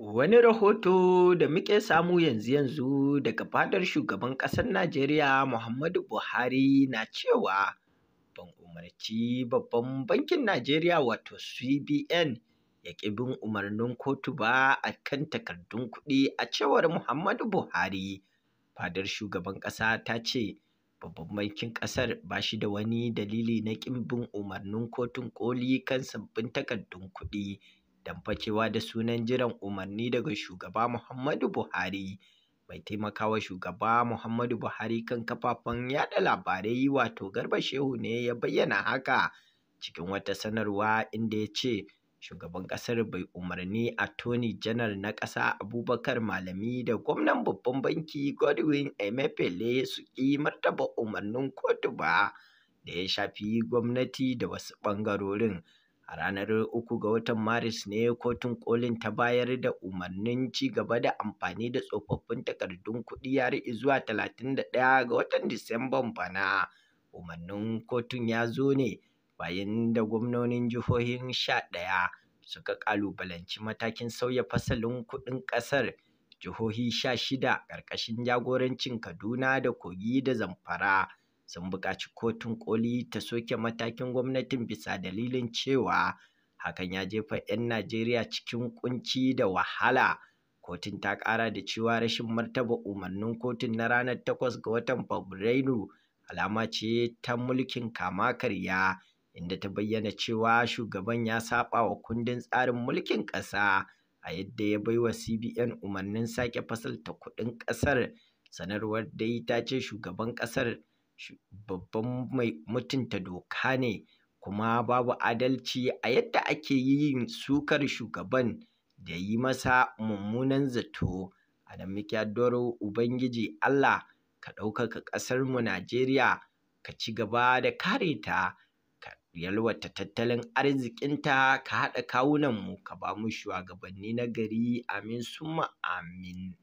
Wani rahoto da muke samu yanzu-yanzu daga fadar shugaban ƙasar Najeriya Muhammadu Buhari na cewa ban umarci babban bankin Najeriya wato CBN ya ƙi bin umarnin kotu ba a kan takardun kuɗi a cewar Muhammadu Buhari. Fadar shugaban ƙasa ta ce babban bankin ƙasar ba shi da wani dalili na ƙin bin umarnin kotun koli kan sabbin takardun kuɗi. fakewa da sunan jiran umarni daga shugaba Muhammadu Buhari mai taimakawa shugaba Muhammadu Buhari kan kafafen yaɗa labarai wato Garba Shehu ne ya bayyana haka cikin wata sanarwa inda ya ce shugaban ƙasar bai umarni a Attorney janar na ƙasa Abubakar Malami da gwamnan babban banki Godwin emepele su ƙi martaba umarnin kotu ba da ya shafi gwamnati da wasu ɓangarorin. a ranar uku ga watan maris ne kotun kolin ta bayar da umarnin ci gaba da amfani da tsofaffin takardun kuɗi har zuwa talatin da ɗaya ga watan disamban bana umarnin kotun ya zo ne bayan da gwamnonin jihohin sha ɗaya suka ƙalubalanci matakin sauya fasalin kuɗin ƙasar jihohi sha shida ƙarƙashin jagorancin kaduna da kogi da zamfara sun buƙaci kotun koli ta soke matakin gwamnatin bisa dalilin cewa hakan ya jefa 'yan najeriya cikin kunci da wahala kotun ta ƙara da cewa rashin martaba umarnin kotun na ranar 8 ga watan fabrairu alama ce ta mulkin kama karya inda ta bayyana cewa shugaban ya saba wa kundin tsarin mulkin ƙasa a yadda ya bai wa cbn umarnin sake fasalta kuɗin ƙasar sanarwar dai ta ce shugaban ƙasar babban mai mutunta doka ne kuma babu adalci a yadda ake yin sukar shugaban da yi masa mummunan zato. A muke Agyadoro Ubangiji Allah ka ɗaukaka mu Najeriya ka ci gaba da kare ta ka yalwata tattalin arzikinta ka haɗa mu ka ba mu shugabanni na gari amin suma amin.